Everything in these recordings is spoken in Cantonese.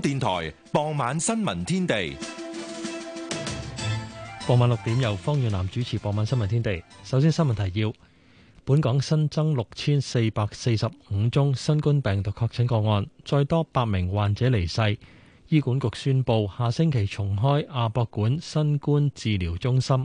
電台傍晚新聞天地，傍晚六點由方遠南主持。傍晚新聞天地，首先新聞提要：本港新增六千四百四十五宗新冠病毒確診個案，再多八名患者離世。醫管局宣佈下星期重開亞博館新冠治療中心。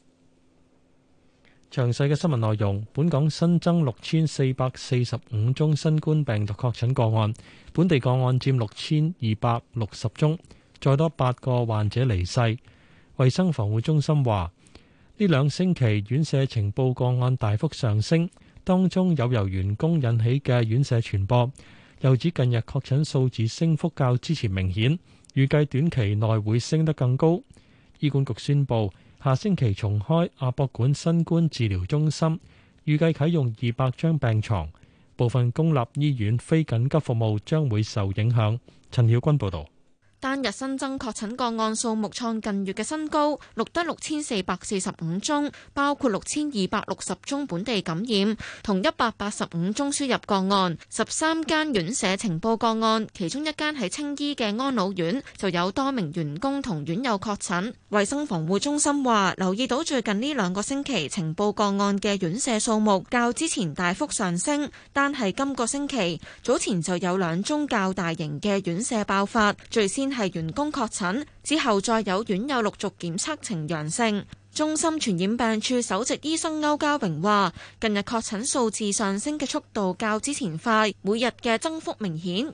詳細嘅新聞內容，本港新增六千四百四十五宗新冠病毒確診個案，本地個案占六千二百六十宗，再多八個患者離世。衛生防護中心話，呢兩星期院舍情報個案大幅上升，當中有由員工引起嘅院舍傳播。又指近日確診數字升幅較之前明顯，預計短期內會升得更高。醫管局宣布。下星期重開亞博館新冠治療中心，預計啟用二百張病床，部分公立醫院非緊急服務將會受影響。陳曉君報導。單日新增確診個案數目創近月嘅新高，錄得六千四百四十五宗，包括六千二百六十宗本地感染，同一百八十五宗輸入個案。十三間院舍呈報個案，其中一間係青衣嘅安老院，就有多名員工同院友確診。衛生防護中心話，留意到最近呢兩個星期呈報個案嘅院舍數目較之前大幅上升，但係今個星期早前就有兩宗較大型嘅院舍爆發，最先，係員工確診，之後再有院友陸續檢測呈陽性。中心傳染病處首席醫生歐家榮話，近日確診數字上升嘅速度較之前快，每日嘅增幅明顯。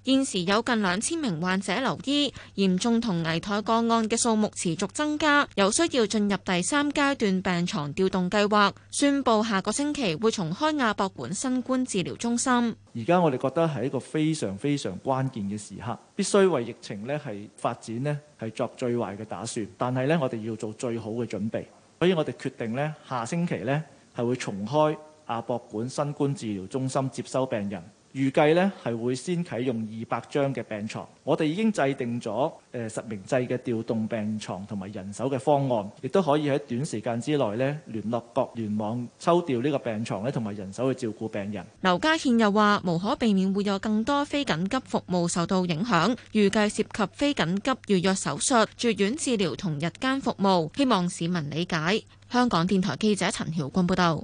現時有近兩千名患者留醫，嚴重同危殆個案嘅數目持續增加，有需要進入第三階段病床調動計劃。宣布下個星期會重開亞博館新冠治療中心。而家我哋覺得係一個非常非常關鍵嘅時刻，必須為疫情咧係發展咧係作最壞嘅打算，但係咧我哋要做最好嘅準備，所以我哋決定咧下星期咧係會重開亞博館新冠治療中心接收病人。預計咧係會先啟用二百張嘅病床。我哋已經制定咗誒實名制嘅調動病床同埋人手嘅方案，亦都可以喺短時間之內咧聯絡各聯網抽調呢個病床咧同埋人手去照顧病人。劉家憲又話：無可避免會有更多非緊急服務受到影響，預計涉及非緊急預約手術、住院治療同日間服務，希望市民理解。香港電台記者陳曉君報道。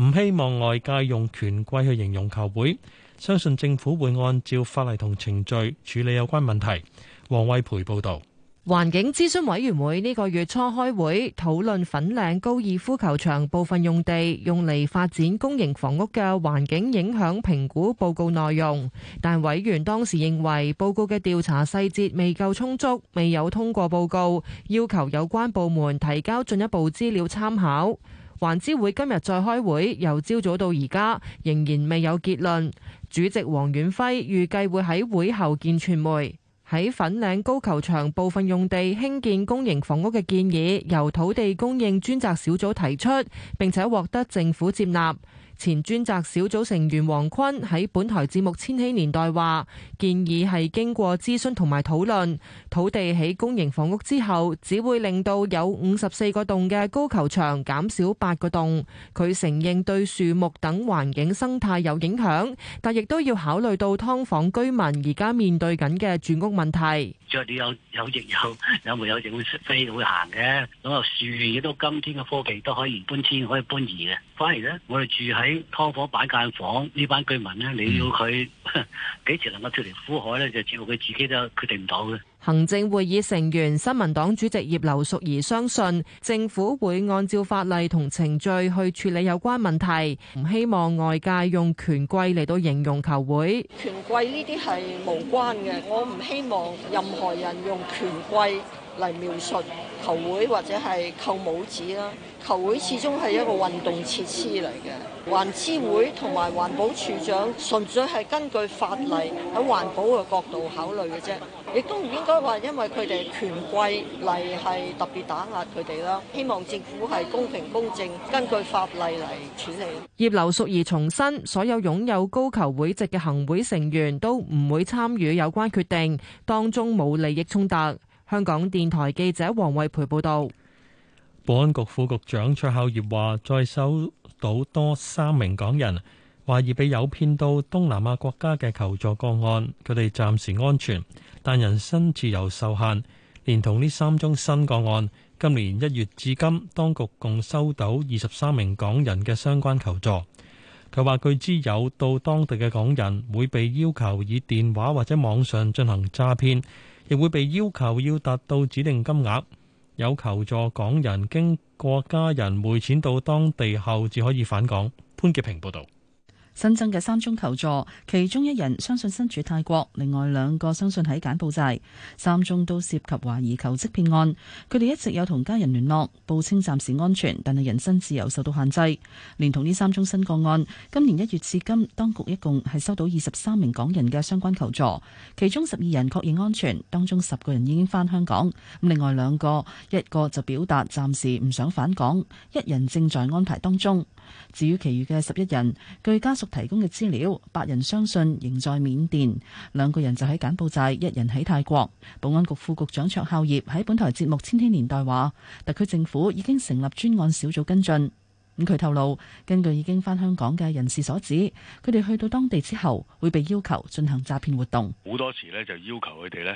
唔希望外界用權貴去形容球會，相信政府會按照法例同程序處理有關問題。王惠培報道，環境諮詢委員會呢個月初開會討論粉嶺高爾夫球場部分用地用嚟發展公營房屋嘅環境影響評估報告內容，但委員當時認為報告嘅調查細節未夠充足，未有通過報告，要求有關部門提交進一步資料參考。環諮會今日再開會，由朝早到而家仍然未有結論。主席黃遠輝預計會喺會後見傳媒。喺粉嶺高球場部分用地興建公營房屋嘅建議，由土地供應專責小組提出，並且獲得政府接納。前專責小組成員黃坤喺本台節目《千禧年代》話，建議係經過諮詢同埋討論土地起公營房屋之後，只會令到有五十四個洞嘅高球場減少八個洞。佢承認對樹木等環境生態有影響，但亦都要考慮到劏房居民而家面對緊嘅住屋問題。雀鳥有有亦有，有木有亦會飛會行嘅，咁啊，樹亦都今天嘅科技都可以搬遷，可以搬移嘅，反而咧我哋住喺。劏房擺間房呢班，居民呢，你要佢幾時能夠脫離苦海呢？就全部佢自己都決定唔到嘅。行政會議成員、新民黨主席葉劉淑儀相信政府會按照法例同程序去處理有關問題，唔希望外界用權貴嚟到形容球會。權貴呢啲係無關嘅，我唔希望任何人用權貴嚟描述球會或者係扣帽子啦。球會始終係一個運動設施嚟嘅。環諮會同埋環保署長，純粹係根據法例喺環保嘅角度考慮嘅啫，亦都唔應該話因為佢哋權貴嚟係特別打壓佢哋啦。希望政府係公平公正，根據法例嚟處理。葉劉淑儀重申，所有擁有高球會籍嘅行會成員都唔會參與有關決定，當中冇利益衝突。香港電台記者王慧培報道，保安局副局長卓孝業話：再收到多三名港人懷疑被誘騙到東南亞國家嘅求助個案，佢哋暫時安全，但人身自由受限。連同呢三宗新個案，今年一月至今，當局共收到二十三名港人嘅相關求助。佢話，據知有到當地嘅港人會被要求以電話或者網上進行詐騙。亦會被要求要達到指定金額，有求助港人經過家人匯錢到當地後，至可以返港。潘潔平報導。新增嘅三宗求助，其中一人相信身處泰國，另外兩個相信喺柬埔寨。三宗都涉及懷疑求職騙案，佢哋一直有同家人聯絡，報稱暫時安全，但係人身自由受到限制。連同呢三宗新個案，今年一月至今，當局一共係收到二十三名港人嘅相關求助，其中十二人確認安全，當中十個人已經翻香港，另外兩個，一個就表達暫時唔想返港，一人正在安排當中。至於其餘嘅十一人，據家屬。提供嘅資料，八人相信仍在緬甸，兩個人就喺柬埔寨，一人喺泰國。保安局副局長卓孝業喺本台節目《千禧年代》話，特區政府已經成立專案小組跟進。咁佢透露，根據已經返香港嘅人士所指，佢哋去到當地之後，會被要求進行詐騙活動。好多時呢，就要求佢哋呢，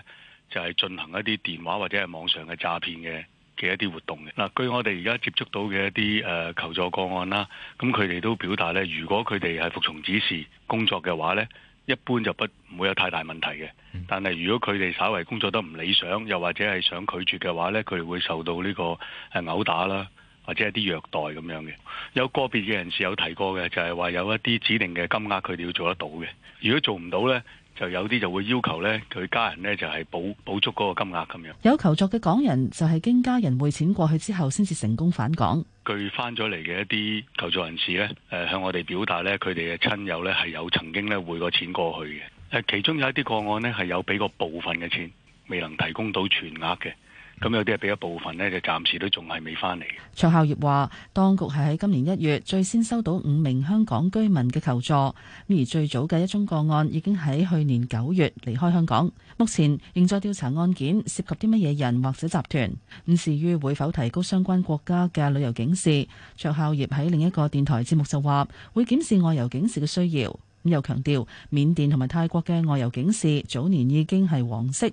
就係進行一啲電話或者係網上嘅詐騙嘅。嘅一啲活動嘅嗱，嗯、據我哋而家接觸到嘅一啲誒、呃、求助個案啦，咁佢哋都表達咧，如果佢哋係服從指示工作嘅話咧，一般就不唔會有太大問題嘅。但係如果佢哋稍為工作得唔理想，又或者係想拒絕嘅話咧，佢哋會受到呢個係毆打啦，或者一啲虐待咁樣嘅。有個別嘅人士有提過嘅，就係、是、話有一啲指定嘅金額佢哋要做得到嘅，如果做唔到咧。就有啲就會要求咧，佢家人咧就係補補足嗰個金額咁樣。有求助嘅港人就係、是、經家人匯錢過去之後，先至成功返港。港就是、返港據翻咗嚟嘅一啲求助人士咧，誒向我哋表達咧，佢哋嘅親友咧係有曾經咧匯過錢過去嘅。誒，其中有一啲個案呢，係有俾過部分嘅錢，未能提供到全額嘅。咁有啲係俾一部分咧，就暫時都仲係未翻嚟。卓孝業話，當局係喺今年一月最先收到五名香港居民嘅求助，而最早嘅一宗個案已經喺去年九月離開香港。目前仍在調查案件，涉及啲乜嘢人或者集團。咁至於會否提高相關國家嘅旅遊警示，卓孝業喺另一個電台節目就話會檢視外遊警示嘅需要。咁又強調，緬甸同埋泰國嘅外遊警示早年已經係黃色，咁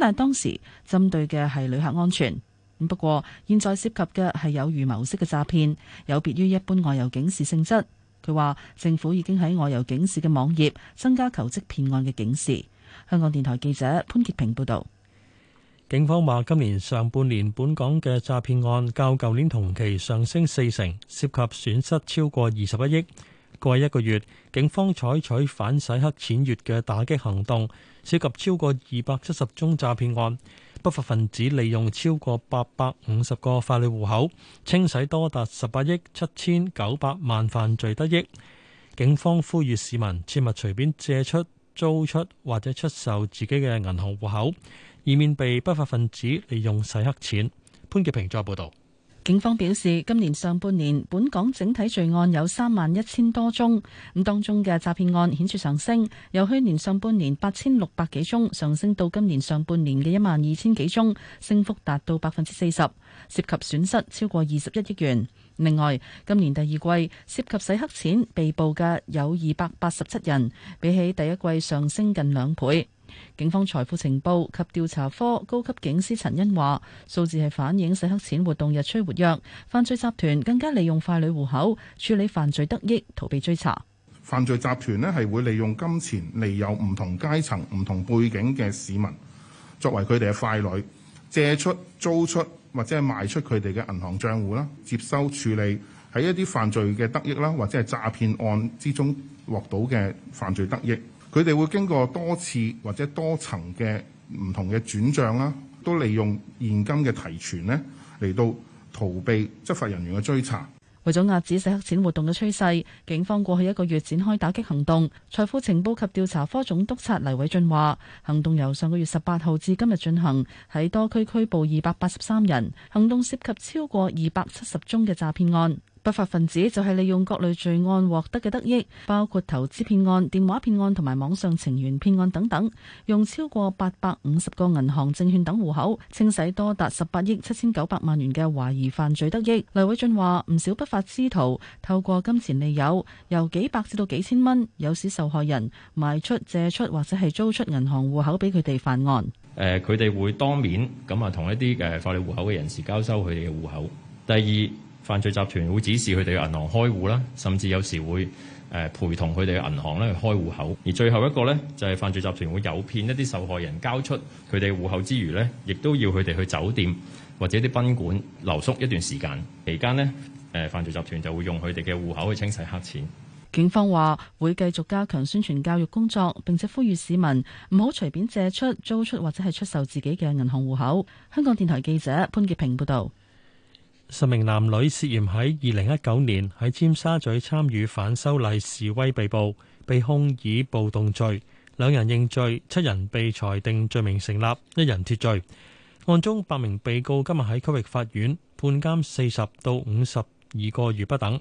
但係當時針對嘅係旅客安全。咁不過現在涉及嘅係有預謀式嘅詐騙，有別於一般外遊警示性質。佢話政府已經喺外遊警示嘅網頁增加求職騙案嘅警示。香港電台記者潘潔平報導。警方話，今年上半年本港嘅詐騙案較舊年同期上升四成，涉及損失超過二十一億。過一個月，警方採取反洗黑錢月嘅打擊行動，涉及超過二百七十宗詐騙案，不法分子利用超過八百五十個法律戶口，清洗多達十八億七千九百萬犯罪得益。警方呼籲市民切勿隨便借出、租出或者出售自己嘅銀行戶口，以免被不法分子利用洗黑錢。潘潔平再報道。警方表示，今年上半年本港整體罪案有三萬一千多宗，咁當中嘅詐騙案顯著上升，由去年上半年八千六百幾宗上升到今年上半年嘅一萬二千幾宗，升幅達到百分之四十，涉及損失超過二十一億元。另外，今年第二季涉及洗黑錢被捕嘅有二百八十七人，比起第一季上升近兩倍。警方財富情報及調查科高級警司陳恩話：數字係反映洗黑錢活動日趨活躍，犯罪集團更加利用傀儡戶口處理犯罪得益，逃避追查。犯罪集團咧係會利用金錢，利誘唔同階層、唔同背景嘅市民作為佢哋嘅傀儡，借出、租出或者係賣出佢哋嘅銀行賬戶啦，接收處理喺一啲犯罪嘅得益啦，或者係詐騙案之中獲到嘅犯罪得益。佢哋會經過多次或者多層嘅唔同嘅轉帳啦、啊，都利用現金嘅提存呢嚟到逃避執法人員嘅追查。為咗壓止洗黑錢活動嘅趨勢，警方過去一個月展開打擊行動。財富情報及調查科總督察黎偉俊話，行動由上個月十八號至今日進行，喺多區拘捕二百八十三人，行動涉及超過二百七十宗嘅詐騙案。不法分子就係利用各類罪案獲得嘅得益，包括投資騙案、電話騙案同埋網上情緣騙案等等，用超過八百五十個銀行、證券等戶口清洗多達十八億七千九百萬元嘅懷疑犯罪得益。黎偉俊話：唔少不法之徒透過金錢利誘，由幾百至到幾千蚊，誘使受害人賣出、借出或者係租出銀行戶口俾佢哋犯案。佢哋會當面咁，啊，同一啲誒法律戶口嘅人士交收佢哋嘅戶口。第二。犯罪集團會指示佢哋嘅銀行開戶啦，甚至有時會誒陪同佢哋嘅銀行咧去開戶口。而最後一個呢，就係犯罪集團會誘騙一啲受害人交出佢哋戶口之餘呢，亦都要佢哋去酒店或者啲賓館留宿一段時間。期間呢，誒犯罪集團就會用佢哋嘅戶口去清洗黑錢。警方話會繼續加強宣傳教育工作，並且呼籲市民唔好隨便借出、租出或者係出售自己嘅銀行戶口。香港電台記者潘潔平報道。十名男女涉嫌喺二零一九年喺尖沙咀參與反修例示威被捕，被控以暴動罪。兩人認罪，七人被裁定罪名成立，一人脫罪。案中八名被告今日喺區域法院判監四十到五十二個月不等。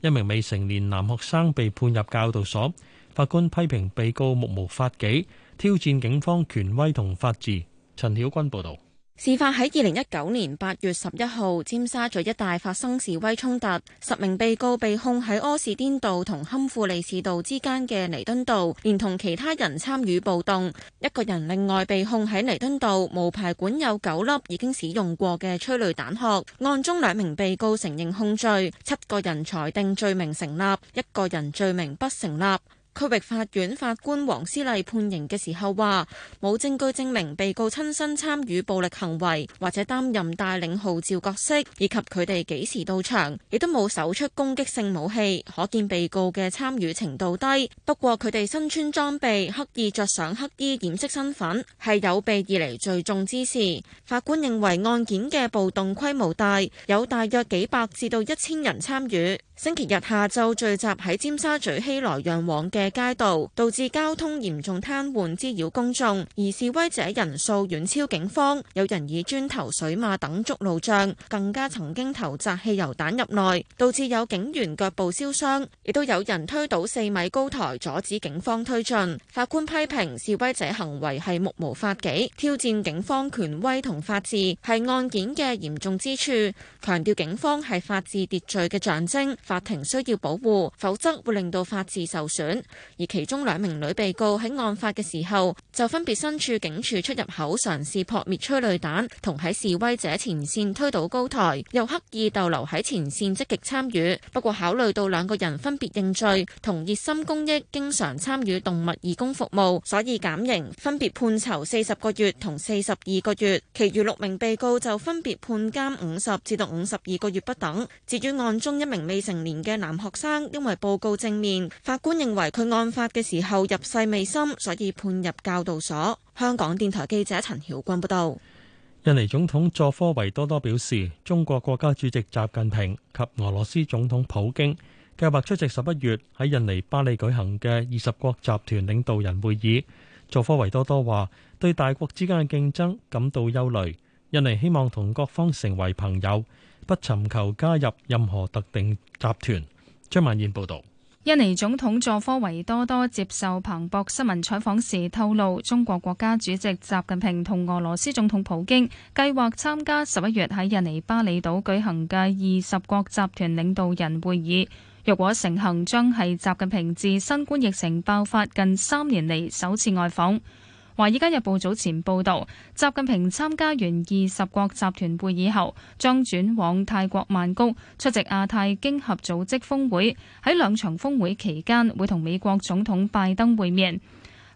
一名未成年男學生被判入教導所。法官批評被告目無法紀，挑戰警方權威同法治。陳曉君報導。事發喺二零一九年八月十一號尖沙咀一帶發生示威衝突，十名被告被控喺柯士甸道同堪富利士道之間嘅彌敦道，連同其他人參與暴動。一個人另外被控喺彌敦道無牌管有九粒已經使用過嘅催淚彈殼。案中兩名被告承認控罪，七個人裁定罪名成立，一個人罪名不成立。區域法院法官黃思麗判刑嘅時候話：冇證據證明被告親身參與暴力行為，或者擔任帶領號召角色，以及佢哋幾時到場，亦都冇搜出攻擊性武器，可見被告嘅參與程度低。不過佢哋身穿裝備，刻意着上黑衣掩飾身份，係有備而嚟罪重之事。法官認為案件嘅暴動規模大，有大約幾百至到一千人參與。星期日下晝聚集喺尖沙咀熙來攘往嘅街道，導致交通嚴重癱瘓，滋擾公眾。而示威者人數遠超警方，有人以磚頭、水馬等捉路障，更加曾經投擲汽油彈入內，導致有警員腳部燒傷。亦都有人推倒四米高台，阻止警方推進。法官批評示威者行為係目無法紀，挑戰警方權威同法治，係案件嘅嚴重之處。強調警方係法治秩序嘅象徵。法庭需要保護，否則會令到法治受損。而其中兩名女被告喺案發嘅時候就分別身處警署出入口，嘗試撲滅催淚彈，同喺示威者前線推倒高台，又刻意逗留喺前線積極參與。不過考慮到兩個人分別認罪同熱心公益，經常參與動物義工服務，所以減刑，分別判囚四十個月同四十二個月。其餘六名被告就分別判監五十至到五十二個月不等。至於案中一名未成，年嘅男學生因為報告正面，法官認為佢案發嘅時候入世未深，所以判入教導所。香港電台記者陳曉君報道。印尼總統佐科維多多表示，中國國家主席習近平及俄羅斯總統普京計劃出席十一月喺印尼巴里舉行嘅二十國集團領導人會議。佐科維多多話：對大國之間嘅競爭感到憂慮。印尼希望同各方成為朋友。不尋求加入任何特定集團。張曼燕報導。印尼總統佐科維多多接受彭博新聞採訪時透露，中國國家主席習近平同俄羅斯總統普京計劃參加十一月喺印尼巴厘島舉行嘅二十國集團領導人會議。若果成行，將係習近平自新冠疫情爆發近三年嚟首次外訪。《華爾街日報》早前報道，習近平參加完二十國集團會議後，將轉往泰國曼谷出席亞太經合組織峰會。喺兩場峰會期間，會同美國總統拜登會面。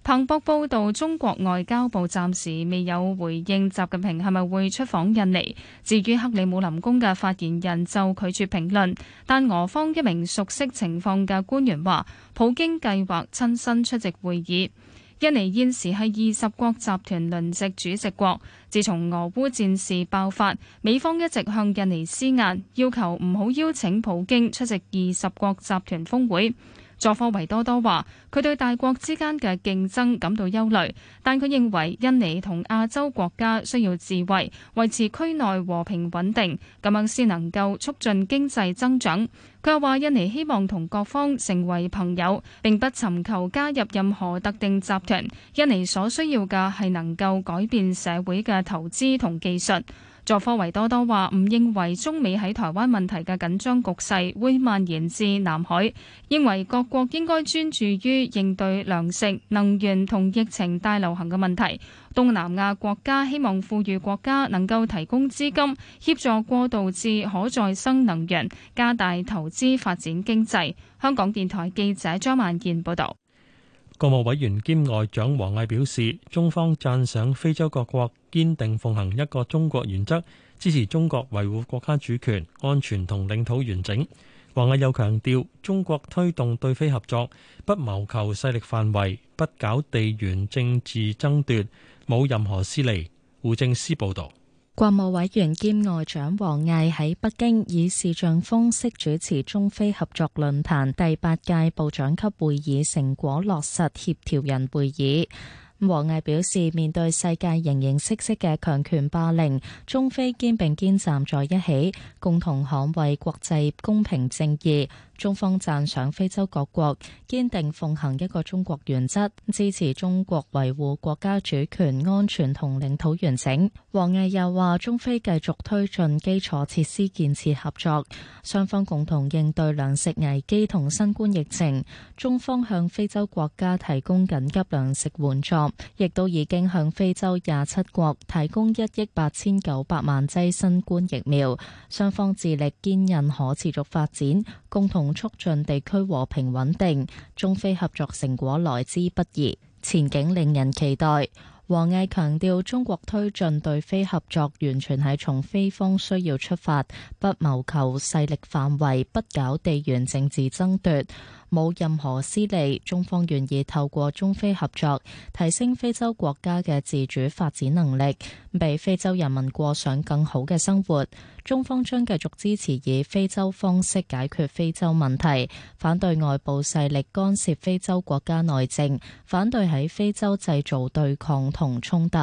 彭博報道，中國外交部暫時未有回應習近平係咪會出訪印尼。至於克里姆林宮嘅發言人就拒絕評論，但俄方一名熟悉情況嘅官員話，普京計劃親身出席會議。印尼現時係二十國集團輪值主席國。自從俄烏戰事爆發，美方一直向印尼施壓，要求唔好邀請普京出席二十國集團峰會。佐科維多多話，佢對大國之間嘅競爭感到憂慮，但佢認為印尼同亞洲國家需要智慧，維持區內和平穩定，咁樣先能夠促進經濟增長。佢又話，印尼希望同各方成為朋友，並不尋求加入任何特定集團。印尼所需要嘅係能夠改變社會嘅投資同技術。佐科維多多話：唔認為中美喺台灣問題嘅緊張局勢會蔓延至南海，認為各國應該專注於應對糧食、能源同疫情大流行嘅問題。東南亞國家希望富裕國家能夠提供資金，協助過渡至可再生能源，加大投資發展經濟。香港電台記者張萬健報道。國務委員兼外長王毅表示，中方讚賞非洲各國。堅定奉行一個中國原則，支持中國維護國家主權，安全同領土完整。王毅又強調，中國推動對非合作，不謀求勢力範圍，不搞地緣政治爭奪，冇任何私利。胡正思報道，國務委員兼外長王毅喺北京以視像方式主持中非合作論壇第八屆部長級會議成果落實協調人會議。王毅表示，面對世界形形色色嘅強權霸凌，中非肩並肩站在一起，共同捍衛國際公平正義。中方讚賞非洲各國堅定奉行一個中國原則，支持中國維護國家主權、安全同領土完整。王毅又話，中非繼續推進基礎設施建設合作，雙方共同應對糧食危機同新冠疫情。中方向非洲國家提供緊急糧食援助，亦都已經向非洲廿七國提供一億八千九百萬劑新冠疫苗。雙方致力堅韌可持續發展。共同促進地區和平穩定，中非合作成果來之不易，前景令人期待。王毅強調，中國推進對非合作完全係從非方需要出發，不謀求勢力範圍，不搞地緣政治爭奪。冇任何私利，中方願意透過中非合作提升非洲國家嘅自主發展能力，俾非洲人民過上更好嘅生活。中方將繼續支持以非洲方式解決非洲問題，反對外部勢力干涉非洲國家內政，反對喺非洲製造對抗同衝突。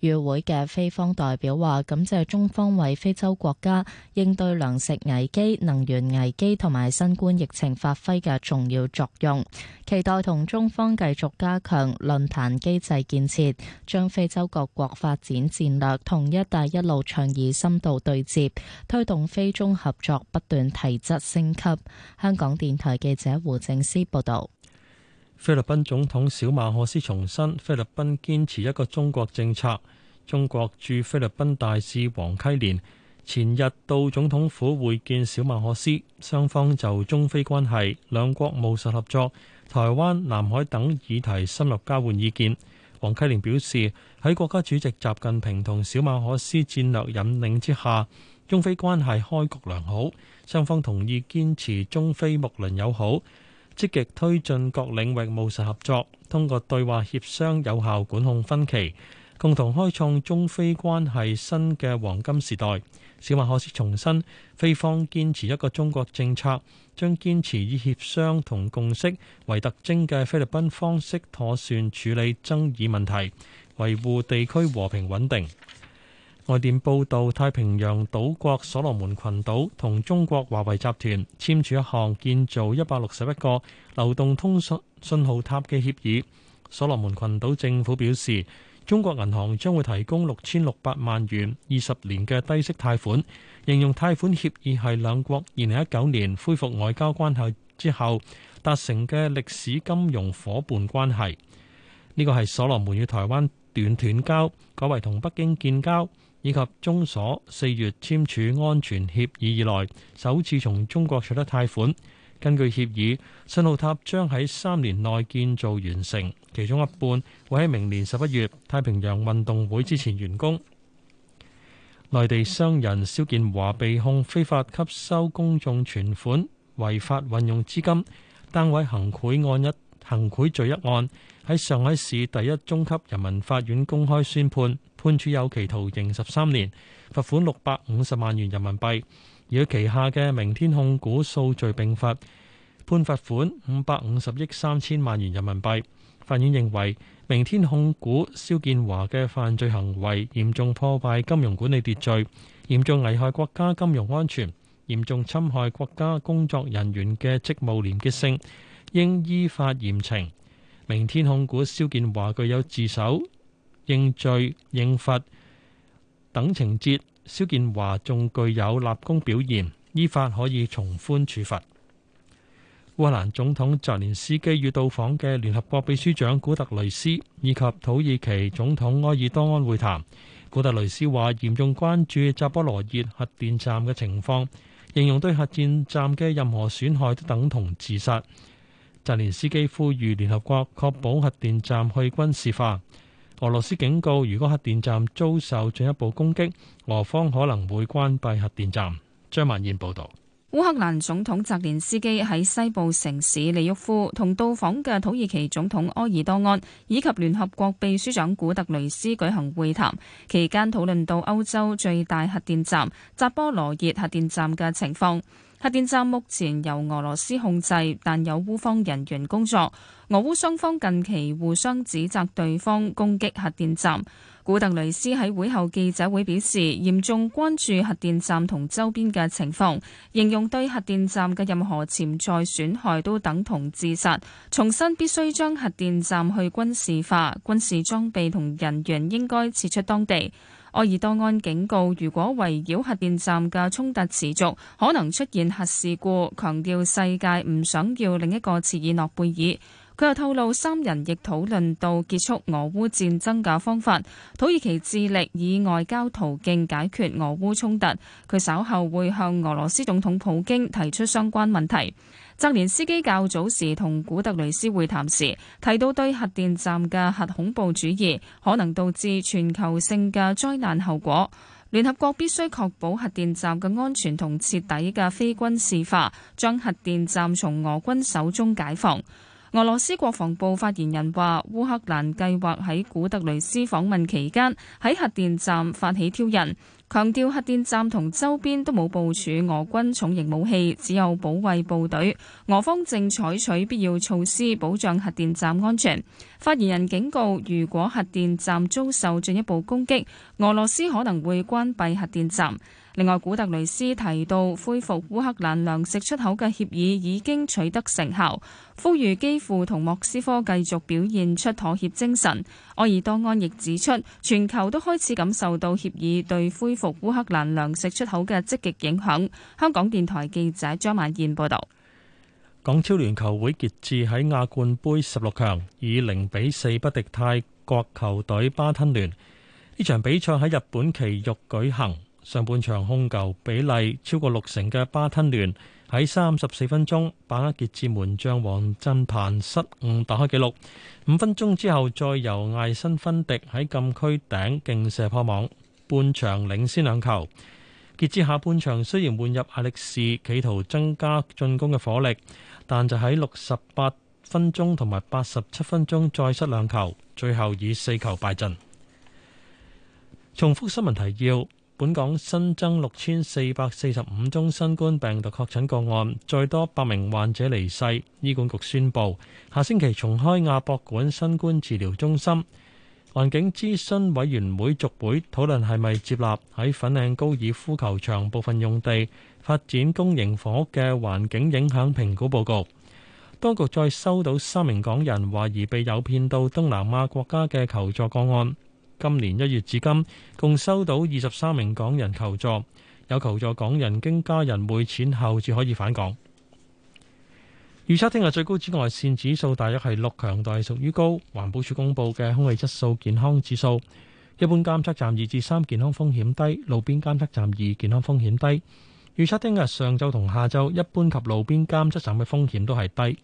與會嘅非方代表話，感謝中方為非洲國家應對糧食危機、能源危機同埋新冠疫情發揮嘅重。要作用，期待同中方繼續加強論壇機制建設，將非洲各國發展戰略同一帶一路倡議深度對接，推動非中合作不斷提質升級。香港電台記者胡正思報道。菲律賓總統小馬可斯重申菲律賓堅持一個中國政策。中國駐菲律賓大使黃溪連。前日到總統府會見小馬可斯，雙方就中菲關係、兩國務實合作、台灣、南海等議題深入交換意見。黃溪連表示，喺國家主席習近平同小馬可斯戰略引領之下，中菲關係開局良好，雙方同意堅持中菲睦鄰友好，積極推進各領域務實合作，通過對話協商有效管控分歧，共同開創中菲關係新嘅黃金時代。小馬可斯重申，菲方堅持一個中國政策，將堅持以協商同共識為特徵嘅菲律賓方式妥善處理爭議問題，維護地區和平穩定。外電報道，太平洋島國所羅門群島同中國華為集團簽署一項建造一百六十一個流動通訊信號塔嘅協議。所羅門群島政府表示，中國銀行將會提供六千六百萬元二十年嘅低息貸款，形容貸款協議係兩國二零一九年恢復外交關係之後達成嘅歷史金融伙伴關係。呢個係所羅門與台灣斷斷交，改為同北京建交，以及中所四月簽署安全協議以來首次從中國取得貸款。根據協議，信號塔將喺三年內建造完成，其中一半會喺明年十一月太平洋運動會之前完工。內地商人肖建華被控非法吸收公眾存款、違法運用資金、單位行賄案一行賄罪一案，喺上海市第一中級人民法院公開宣判，判處有期徒刑十三年，罰款六百五十萬元人民幣。而旗下嘅明天控股數罪併罰，判罰款五百五十億三千萬元人民幣。法院認為，明天控股肖建華嘅犯罪行為嚴重破壞金融管理秩序，嚴重危害國家金融安全，嚴重侵害國家工作人員嘅職務廉潔性，應依法嚴懲。明天控股肖建華具有自首、認罪、認罰等情節。肖建華仲具有立功表現，依法可以從寬處罰。烏克蘭總統澤連斯基與到訪嘅聯合國秘書長古特雷斯以及土耳其總統埃爾多安會談。古特雷斯話：嚴重關注扎波羅熱核電站嘅情況，形容對核電站嘅任何損害都等同自殺。澤連斯基呼籲聯合國確保核電站去軍事化。俄羅斯警告，如果核電站遭受進一步攻擊，俄方可能會關閉核電站。張文燕報導。烏克蘭總統澤連斯基喺西部城市利沃夫同到訪嘅土耳其總統埃爾多安以及聯合國秘書長古特雷斯舉行會談，期間討論到歐洲最大核電站扎波羅熱核電站嘅情況。核電站目前由俄羅斯控制，但有烏方人員工作。俄烏雙方近期互相指責對方攻擊核電站。古特雷斯喺會後記者會表示，嚴重關注核電站同周邊嘅情況，形容對核電站嘅任何潛在損害都等同自殺。重新必須將核電站去軍事化，軍事裝備同人員應該撤出當地。愛爾多安警告，如果圍繞核電站嘅衝突持續，可能出現核事故。強調世界唔想要另一個切爾諾貝爾。佢又透露，三人亦討論到結束俄烏戰爭嘅方法。土耳其致力以外交途徑解決俄烏衝突。佢稍後會向俄羅斯總統普京提出相關問題。澤連斯基較早時同古特雷斯會談時，提到對核電站嘅核恐怖主義可能導致全球性嘅災難後果，聯合國必須確保核電站嘅安全同徹底嘅非軍事化，將核電站從俄軍手中解放。俄羅斯國防部發言人話：烏克蘭計劃喺古特雷斯訪問期間喺核電站發起挑釁。強調核電站同周邊都冇部署俄軍重型武器，只有保衛部隊。俄方正採取必要措施保障核電站安全。發言人警告，如果核電站遭受進一步攻擊，俄羅斯可能會關閉核電站。另外，古特雷斯提到恢復烏克蘭糧食出口嘅協議已經取得成效，呼籲基輔同莫斯科繼續表現出妥協精神。埃爾多安亦指出，全球都開始感受到協議對恢復烏克蘭糧食出口嘅積極影響。香港電台記者張萬燕報道。港超聯球會傑志喺亞冠杯十六強以零比四不敵泰國球隊巴吞聯，呢場比賽喺日本埼玉舉行。上半場控球比例超過六成嘅巴吞聯喺三十四分鐘把握傑志門將王振鵬失誤，打開紀錄。五分鐘之後，再由艾新芬迪喺禁區頂勁射破網，半場領先兩球。傑志下半場雖然換入阿力士，企圖增加進攻嘅火力，但就喺六十八分鐘同埋八十七分鐘再失兩球，最後以四球敗陣。重複新聞提要。本港新增六千四百四十五宗新冠病毒確診個案，再多八名患者離世。醫管局宣布下星期重開亞博館新冠治療中心。環境諮詢委員會續會討論係咪接納喺粉嶺高爾夫球場部分用地發展公營房屋嘅環境影響評估報告。當局再收到三名港人懷疑被誘騙到東南亞國家嘅求助個案。今年一月至今，共收到二十三名港人求助，有求助港人經家人匯錢後，至可以返港。預測聽日最高紫外綫指數大約係六，強度屬於高。環保署公布嘅空氣質素健康指數，一般監測站二至三，健康風險低；路邊監測站二，健康風險低。預測聽日上晝同下晝，一般及路邊監測站嘅風險都係低。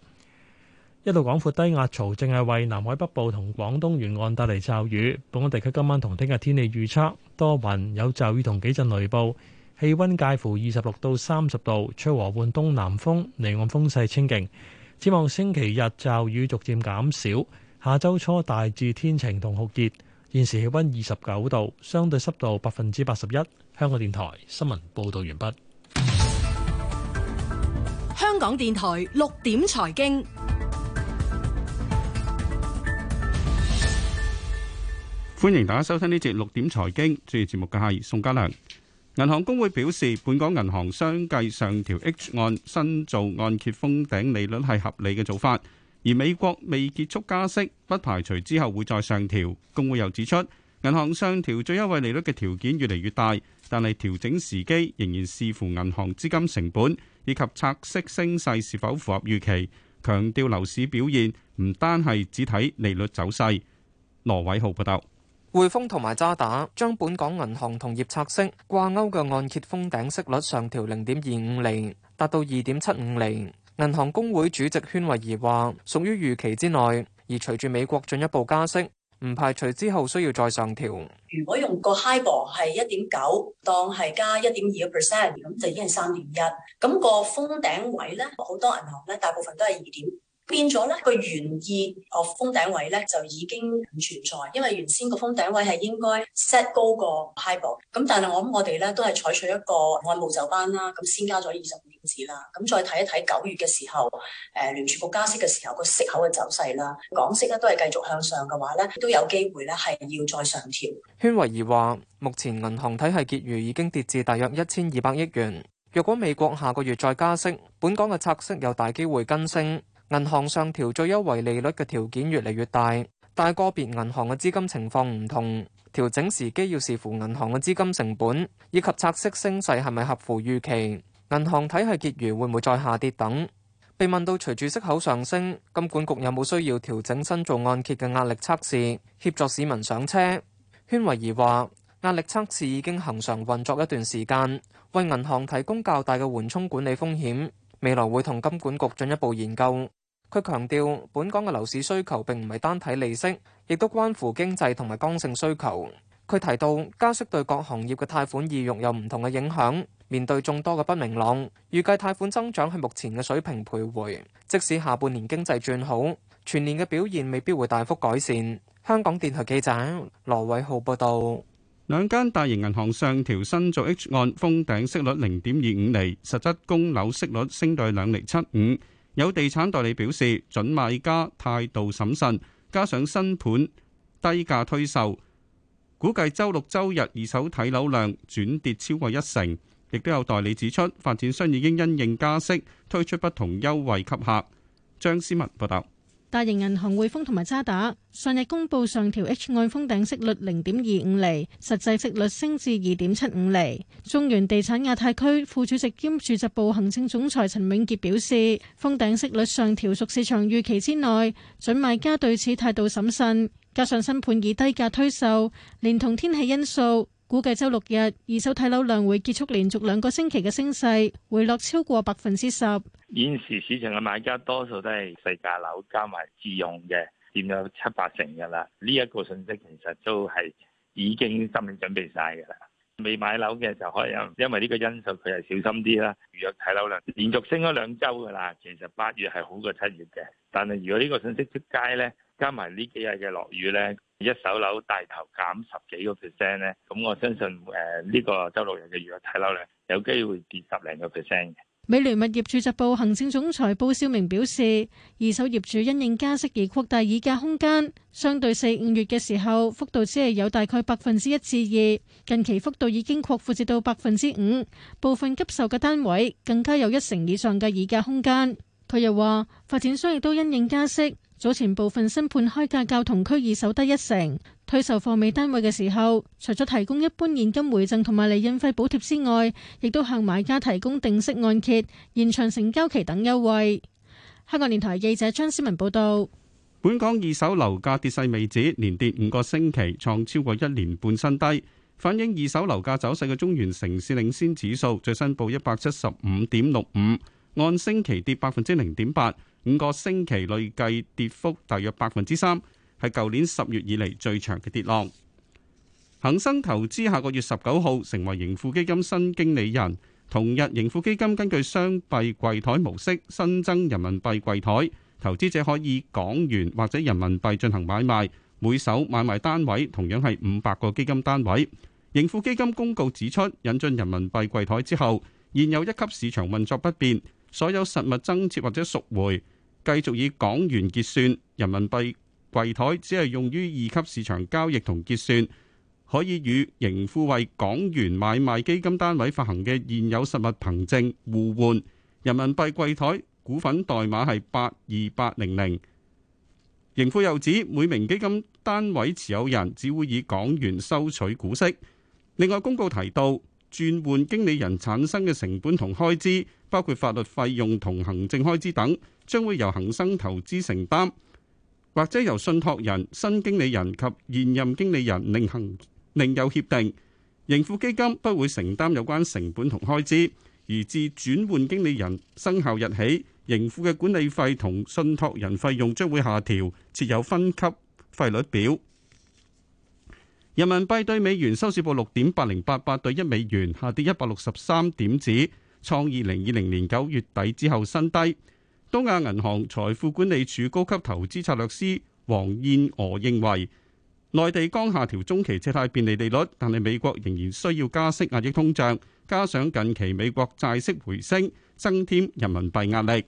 一道廣闊低壓槽正係為南海北部同廣東沿岸帶嚟驟雨。本港地區今晚同聽日天氣預測多雲有驟雨同幾陣雷暴，氣温介乎二十六到三十度，吹和緩東南風，離岸風勢清勁。展望星期日驟雨逐漸減少，下周初大致天晴同酷熱。現時氣温二十九度，相對濕度百分之八十一。香港電台新聞報道完畢。香港電台六點財經。歡迎大家收聽呢節六點財經。主持節目嘅係宋家良。銀行公會表示，本港銀行相繼上調 H 按新造按揭封頂利率係合理嘅做法。而美國未結束加息，不排除之後會再上調。公會又指出，銀行上調最優惠利率嘅條件越嚟越大，但係調整時機仍然視乎銀行資金成本以及拆息升勢是否符合預期。強調樓市表現唔單係只睇利率走勢。羅偉浩報道。匯豐同埋渣打將本港銀行同業拆息掛鈎嘅按揭封頂息，息率上調0.25厘，達到2.75厘。銀行公會主席禤惠儀話：，屬於預期之內，而隨住美國進一步加息，唔排除之後需要再上調。如果用個 highball 係1.9，當係加1.2個 percent，咁就已經係3.1。咁個封頂位咧，好多銀行咧，大部分都係2.0變咗咧，個原意哦封頂位咧就已經唔存在，因為原先個封頂位係應該 set 高過 highball 咁。但係我諗我哋咧都係採取一個按部就班啦。咁先加咗二十五點子啦。咁再睇一睇九月嘅時候，誒聯儲局加息嘅時候個息口嘅走勢啦。港息咧都係繼續向上嘅話咧，都有機會咧係要再上調。禤維儀話：目前銀行體系結餘已經跌至大約一千二百億元。若果美國下個月再加息，本港嘅拆息有大機會跟升。銀行上調最優惠利率嘅條件越嚟越大，但係個別銀行嘅資金情況唔同，調整時機要視乎銀行嘅資金成本以及拆息升勢係咪合乎預期，銀行體系結餘會唔會再下跌等。被問到隨住息口上升，金管局有冇需要調整新造按揭嘅壓力測試，協助市民上車？軒惠儀話：壓力測試已經恒常運作一段時間，為銀行提供較大嘅緩衝，管理風險。未來會同金管局進一步研究。佢強調，本港嘅樓市需求並唔係單睇利息，亦都關乎經濟同埋剛性需求。佢提到，加息對各行業嘅貸款意欲有唔同嘅影響。面對眾多嘅不明朗，預計貸款增長喺目前嘅水平徘徊。即使下半年經濟轉好，全年嘅表現未必會大幅改善。香港電台記者羅偉浩報道。兩間大型銀行上調新造 H 按封頂息率零點二五釐，實質供樓息率升到兩釐七五。有地產代理表示，準買家態度審慎，加上新盤低價推售，估計周六周日二手睇樓量轉跌超過一成。亦都有代理指出，發展商已經因應加息推出不同優惠給客。張思文報道。大型銀行匯豐同埋渣打上日公佈上調 H 按封頂息率零點二五厘，實際息率升至二點七五厘。中原地產亞太區副主席兼住宅部行政總裁陳永傑表示，封頂息率上調屬市場預期之內，準買家對此態度審慎，加上新盤以低價推售，連同天氣因素。估計周六日二手睇樓量會結束連續兩個星期嘅升勢，回落超過百分之十。現時市場嘅買家多數都係細價樓加埋自用嘅，佔咗七八成噶啦。呢一個信息其實都係已經心理準備晒噶啦。未買樓嘅就可以因為呢個因素佢係小心啲啦，預約睇樓量連續升咗兩周噶啦。其實八月係好過七月嘅，但係如果呢個信息出街咧。加埋呢幾日嘅落雨咧，一手樓大頭減十幾個 percent 咧，咁我相信誒呢個週六日嘅預約睇樓量，有機會跌十零個 percent 嘅。美聯物業住宅部行政總裁布少明表示，二手業主因應加息而擴大議價空間，相對四五月嘅時候幅度只係有大概百分之一至二，近期幅度已經擴闊至到百分之五，部分急售嘅單位更加有一成以上嘅議價空間。佢又話，發展商亦都因應加息。早前部分新盤開價較同區二手低一成，推售貨尾單位嘅時候，除咗提供一般現金回贈同埋利潤費補貼之外，亦都向買家提供定息按揭、延長成交期等優惠。香港電台記者張思文報道。本港二手樓價跌勢未止，連跌五個星期，創超過一年半新低，反映二手樓價走勢嘅中原城市領先指數最新報一百七十五點六五，按星期跌百分之零點八。五個星期累計跌幅大約百分之三，係舊年十月以嚟最長嘅跌浪。恒生投資下個月十九號成為盈富基金新經理人，同日盈富基金根據雙幣櫃台模式新增人民幣櫃台，投資者可以港元或者人民幣進行買賣，每手買賣單位同樣係五百個基金單位。盈富基金公告指出，引進人民幣櫃台之後，現有一級市場運作不變。所有實物增設或者贖回，繼續以港元結算。人民幣櫃台只係用於二級市場交易同結算，可以與盈富為港元買賣基金單位發行嘅現有實物憑證互換。人民幣櫃台股份代碼係八二八零零。盈富又指每名基金單位持有人只會以港元收取股息。另外公告提到，轉換經理人產生嘅成本同開支，包括法律費用同行政開支等，將會由恒生投資承擔，或者由信託人、新經理人及現任經理人另行另有協定。盈富基金不會承擔有關成本同開支，而自轉換經理人生效日起，盈富嘅管理費同信託人費用將會下調，設有分級費率表。人民幣對美元收市報六點八零八八對一美元，下跌一百六十三點子，創二零二零年九月底之後新低。東亞銀行財富管理處高級投資策略師黃燕娥認為，內地剛下調中期借貸便利利率，但係美國仍然需要加息壓抑通脹，加上近期美國債息回升，增添人民幣壓力。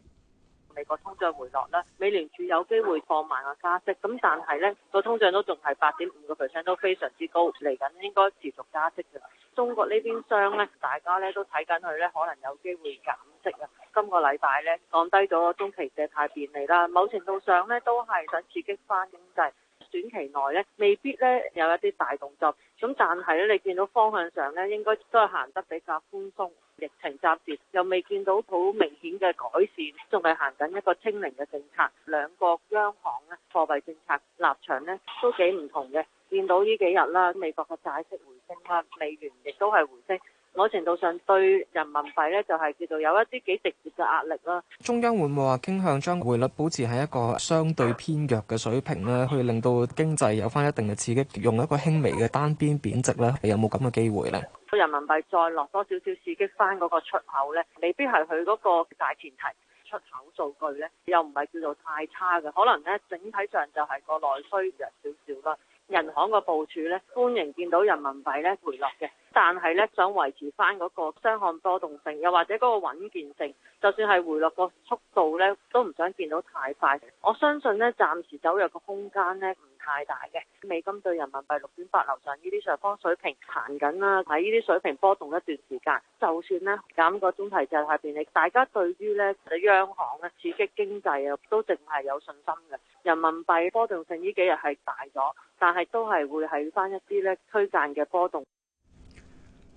美國通脹回落啦，美聯儲有機會放慢個加息，咁但係咧個通脹都仲係八點五個 percent 都非常之高，嚟緊應該持續加息㗎。中國呢邊商咧，大家咧都睇緊佢咧，可能有機會減息啊。今個禮拜咧降低咗中期借貸便利啦，某程度上咧都係想刺激返經濟。短期內咧，未必咧有一啲大動作。咁但係咧，你見到方向上咧，應該都係行得比較寬鬆。疫情暫時又未見到好明顯嘅改善，仲係行緊一個清零嘅政策。兩國央行咧貨幣政策立場咧都幾唔同嘅。見到呢幾日啦，美國嘅債息回升啦，美元亦都係回升。某程度上對人民幣咧，就係、是、叫做有一啲幾直接嘅壓力啦。中央會唔會話傾向將匯率保持喺一個相對偏弱嘅水平咧，去令到經濟有翻一定嘅刺激，用一個輕微嘅單邊貶值咧？你有冇咁嘅機會咧？人民幣再落多少少刺激翻嗰個出口咧，未必係佢嗰個大前提。出口數據咧又唔係叫做太差嘅，可能咧整體上就係個內需弱少少啦。人行嘅部署咧，歡迎見到人民幣咧回落嘅，但係咧想維持翻嗰個雙向波動性，又或者嗰個穩健性，就算係回落個速度咧，都唔想見到太快。我相信咧，暫時走弱個空間咧，太大嘅，美金兌人民幣六點八樓上，呢啲上方水平行緊啦。喺呢啲水平波動一段時間，就算呢減個中提成下邊，力，大家對於呢央行刺激經濟啊，都淨係有信心嘅。人民幣波動性呢幾日係大咗，但係都係會喺翻一啲呢推間嘅波動。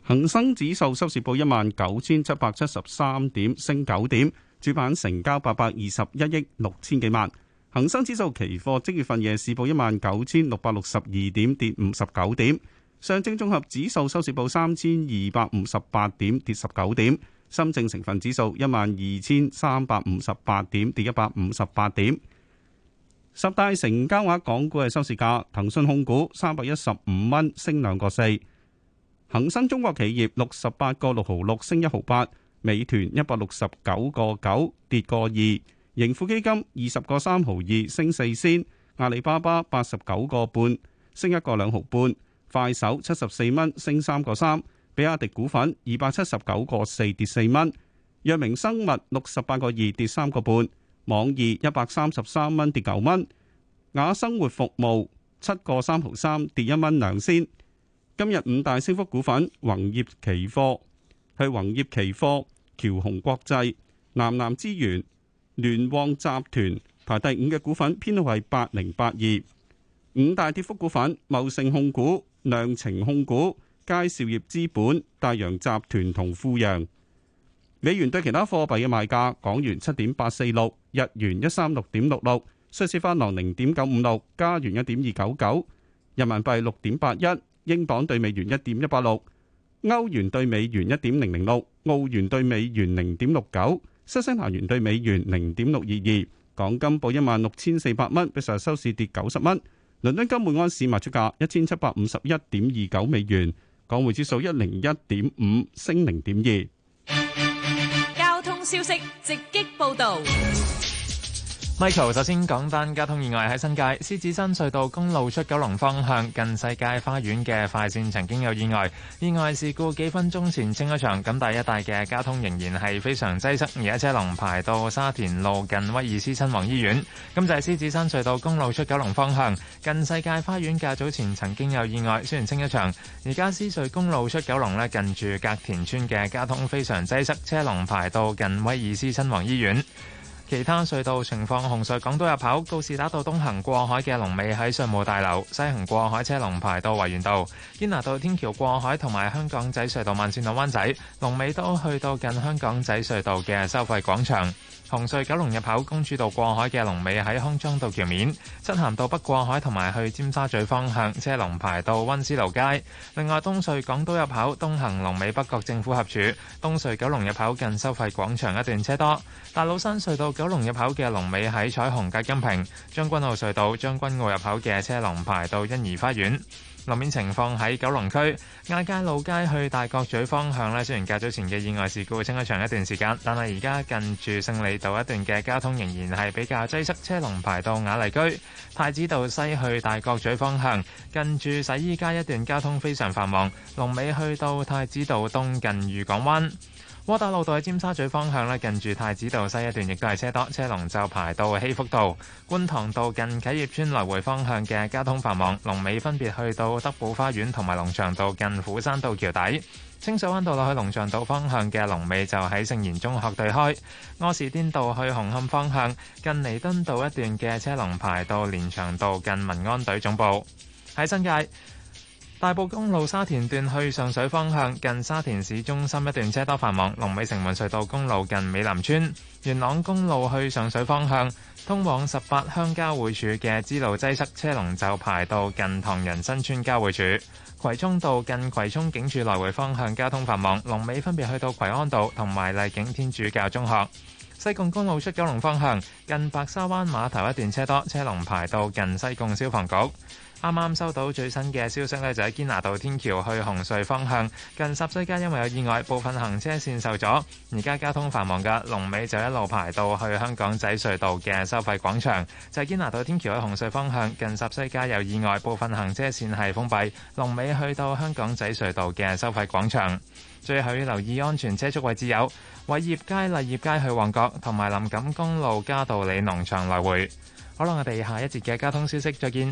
恒生指數收市報一萬九千七百七十三點，升九點，主板成交八百二十一億六千幾萬。恒生指數期貨即月份夜市報一萬九千六百六十二點，跌五十九點。上證綜合指數收市報三千二百五十八點，跌十九點。深證成分指數一萬二千三百五十八點，跌一百五十八點。十大成交額港股嘅收市價，騰訊控股三百一十五蚊，升兩個四。恒生中國企業六十八個六毫六，升一毫八。美團一百六十九個九，跌個二。盈富基金二十個三毫二升四仙，阿里巴巴八十九個半升一個兩毫半，快手七十四蚊升三個三，比亞迪股份二百七十九個四跌四蚊，藥明生物六十八個二跌三個半，網易一百三十三蚊跌九蚊，雅生活服務七個三毫三跌一蚊兩仙。今日五大升幅股份：宏業期貨係宏業期貨、僑雄國際、南南資源。聯旺集團排第五嘅股份，編號為八零八二。五大跌幅股份：茂盛控股、量程控股、佳兆業資本、大洋集團同富陽。美元對其他貨幣嘅賣價：港元七點八四六，日元一三六點六六，瑞士法郎零點九五六，加元一點二九九，人民幣六點八一，英鎊對美元一點一八六，歐元對美元一點零零六，澳元對美元零點六九。新西蘭元兌美元零點六二二，港金報一萬六千四百蚊，比上日收市跌九十蚊。倫敦金每安士賣出價一千七百五十一點二九美元，港匯指數一零一點五升零點二。交通消息直擊報道。Michael 首先講單交通意外喺新界獅子山隧道公路出九龍方向近世界花園嘅快線曾經有意外，意外事故幾分鐘前清一場。咁第一帶嘅交通仍然係非常擠塞，而家車龍排到沙田路近威爾斯親王醫院。咁就係獅子山隧道公路出九龍方向近世界花園較早前曾經有意外，雖然清一場，而家獅隧公路出九龍呢，近住隔田村嘅交通非常擠塞，車龍排到近威爾斯親王醫院。其他隧道情況，紅隧港島入口、告士打道東行過海嘅龍尾喺稅務大樓，西行過海車龍排到維園道，堅拿道天橋過海同埋香港仔隧道慢線到灣仔龍尾都去到近香港仔隧道嘅收費廣場。洪隧九龍入口，公主道過海嘅龍尾喺康莊道橋面，漆咸道北過海同埋去尖沙咀方向車龍排到溫思勞街。另外，東隧港島入口東行龍尾北角政府合署，東隧九龍入口近收費廣場一段車多。大老山隧道九龍入口嘅龍尾喺彩虹隔音屏，將軍澳隧道將軍澳入口嘅車龍排到欣怡花園。路面情況喺九龍區亞皆老街去大角咀方向咧，雖然較早前嘅意外事故會清開長一段時間，但係而家近住勝利道一段嘅交通仍然係比較擠塞，車龍排到雅麗居太子道西去大角咀方向，近住洗衣街一段交通非常繁忙，龍尾去到太子道東近漁港灣。窩打老道喺尖沙咀方向咧，近住太子道西一段亦都係車多，車龍就排到希福道、觀塘道近啟業邨來回方向嘅交通繁忙，龍尾分別去到德寶花園同埋龍翔道近斧山道橋底。清水灣道落去龍翔道方向嘅龍尾就喺聖言中學對開。柯士甸道去紅磡方向近彌敦道一段嘅車龍排到連翔道近民安隊總部。喺新界。大埔公路沙田段去上水方向，近沙田市中心一段車多繁忙，龍尾城門隧道公路近美林村。元朗公路去上水方向，通往十八鄉交匯處嘅支路擠塞，車龍就排到近唐人新村交匯處。葵涌道近葵涌警署來回方向交通繁忙，龍尾分別去到葵安道同埋麗景天主教中學。西貢公路出九龍方向，近白沙灣碼頭一段車多，車龍排到近西貢消防局。啱啱收到最新嘅消息呢，就喺堅拿道天橋去紅隧方向近十西街，因為有意外，部分行車綫受阻。而家交通繁忙噶龍尾就一路排到去香港仔隧道嘅收費廣場。就係堅拿道天橋去紅隧方向近十西街有意外，部分行車綫係封閉。龍尾去到香港仔隧道嘅收費廣場。最後要留意安全車速，位置有偉業街、麗業、業街去旺角，同埋林錦公路嘉道理農場來回。好啦，我哋下一節嘅交通消息再見。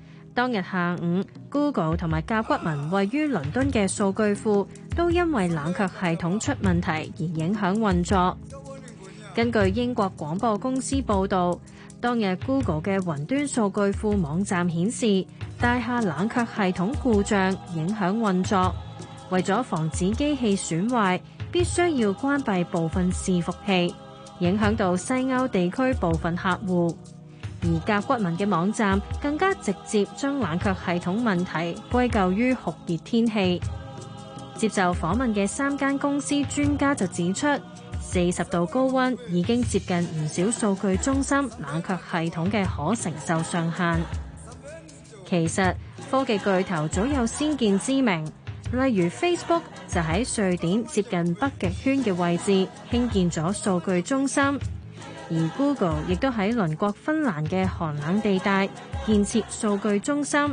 當日下午，Google 同埋甲骨文位於倫敦嘅數據庫都因為冷卻系統出問題而影響運作。根據英國廣播公司報導，當日 Google 嘅雲端數據庫網站顯示大廈冷卻系統故障影響運作，為咗防止機器損壞，必須要關閉部分伺服器，影響到西歐地區部分客戶。而甲骨文嘅網站更加直接將冷卻系統問題歸咎於酷熱天氣。接受訪問嘅三間公司專家就指出，四十度高溫已經接近唔少數據中心冷卻系統嘅可承受上限。其實科技巨頭早有先見之明，例如 Facebook 就喺瑞典接近北極圈嘅位置興建咗數據中心。而 Google 亦都喺鄰國芬蘭嘅寒冷地帶建設數據中心。